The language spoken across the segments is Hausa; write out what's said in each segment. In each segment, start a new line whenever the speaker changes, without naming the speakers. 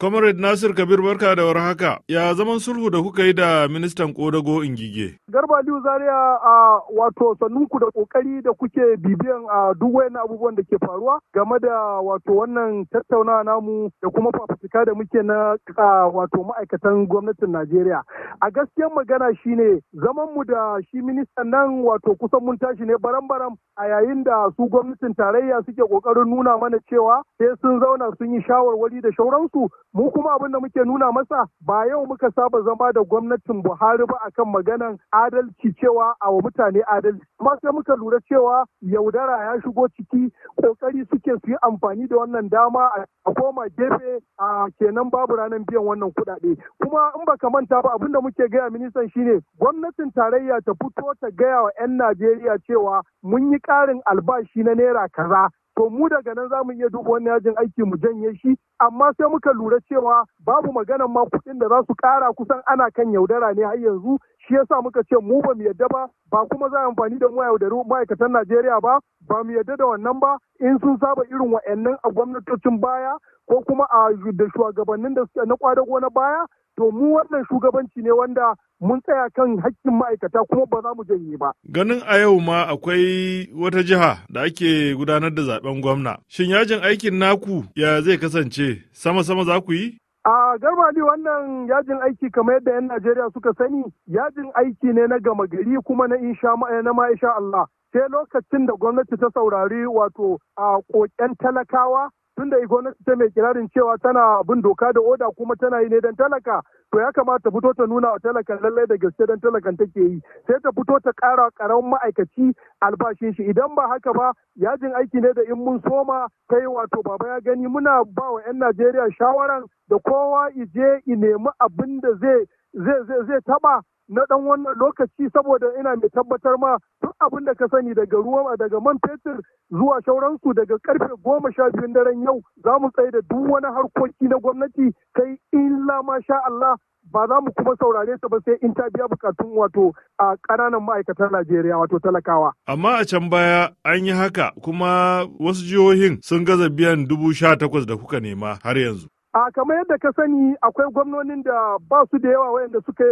Comrade Nasir Kabir barka da warhaka. Ya zaman sulhu da kuka yi da ministan Kodago Ingige.
Garba Aliyu Zaria a wato sannunku da kokari da kuke bibiyan a duk wayan abubuwan da ke faruwa game da wato wannan tattaunawa namu da kuma fafutuka da muke na a wato ma'aikatan gwamnatin Najeriya. A gaskiyar magana shine zaman mu da shi ministan nan wato kusan mun tashi ne baram-baram a yayin da su gwamnatin tarayya suke kokarin nuna mana cewa sai sun zauna sun yi shawarwari da shauransu mu kuma abin da muke nuna masa ba yau muka saba zama da gwamnatin Buhari ba akan maganan adalci cewa a wa mutane adalci amma sai muka lura cewa yaudara ya shigo ciki kokari suke su yi amfani da wannan dama a koma gefe a kenan babu ranar biyan wannan kuɗaɗe kuma in baka manta ba abin da muke gaya ministan shine gwamnatin tarayya ta fito ta gaya wa 'yan Najeriya cewa mun yi karin albashi na naira kaza to mu daga nan zamu iya duba wannan yajin aiki mu janye shi amma sai muka lura cewa babu maganan ma kuɗin da za su ƙara kusan ana kan yaudara ne har yanzu shi yasa muka ce mu ba mu yadda ba ba kuma za amfani da mu da ma'aikatan Najeriya ba ba mu yadda da wannan ba in sun saba irin wa'annan a gwamnatocin baya ko kuma a da shugabannin da na kwadago na baya to mu wannan shugabanci ne wanda mun tsaya kan hakkin ma'aikata kuma ba za mu janye ba.
Ganin a yau ma akwai wata jiha da ake gudanar da zaben gwamna. Shin yajin aikin naku ya zai kasance sama-sama za ku yi?
A garba ne wannan yajin aiki kamar yadda 'yan Najeriya suka sani yajin aiki ne na gama gari kuma na insha eh, na ma'aisha Allah. Sai lokacin da gwamnati ta saurari wato a koken talakawa tun da gwamnati ta mai kirarin cewa tana bin doka da oda kuma tana yi ne don talaka to ya kamata fito ta nuna wa talakan lallai da gaske don talakan take yi sai ta fito ta kara karamin ma'aikaci albashin shi idan ba haka ba yajin aiki ne da in mun soma ta yi wato baba ya gani muna ba wa 'yan najeriya shawaran da kowa ije i nemi abin da zai zai zai taba na dan wannan lokaci saboda ina mai tabbatar ma duk abin da ka sani daga ruwan daga man fetur zuwa shauransu daga karfe goma sha biyu daren yau za mu tsaye da duk wani harkoki na gwamnati kai illa ma sha Allah ba za mu kuma saurare ta ba sai in ta biya bukatun wato a ƙananan ma'aikatar Najeriya wato talakawa.
Amma a can baya an yi haka kuma wasu jihohin sun gaza biyan dubu sha takwas da kuka nema har yanzu.
A kamar yadda ka sani akwai gwamnonin da ba su da yawa wayanda suke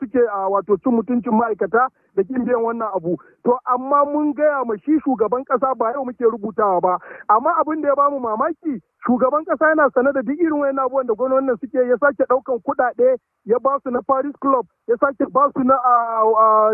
suke a wato cin mutuncin ma'aikata da kin biyan wannan abu. To amma mun gaya ma shi shugaban kasa ba yau muke rubutawa ba. Amma abin da ya bamu mamaki shugaban kasa yana sane da duk irin wayan abubuwan da gwamnonin suke ya sake daukan kuɗaɗe ya ba su na Paris Club ya sake ba su na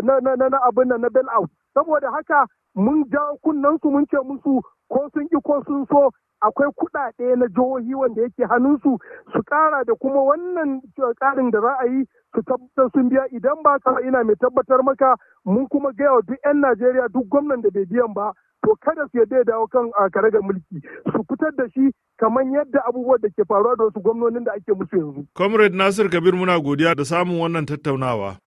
na na abin na bell out. Saboda haka mun jawo kunnensu mun ce musu ko sun ki ko sun so akwai kuɗaɗe na jihohi wanda yake hannunsu su kara da kuma wannan ƙarin da za a yi su tabbatar sun biya idan ba ka ina mai tabbatar maka mun kuma gaya wa duk 'yan Najeriya duk gwamnan da bai biyan ba to kada su yadda ya dawo kan karagar mulki su fitar da shi kamar yadda abubuwan da ke faruwa da wasu gwamnonin da ake musu yanzu.
Comrade Nasir Kabir muna godiya da samun wannan tattaunawa.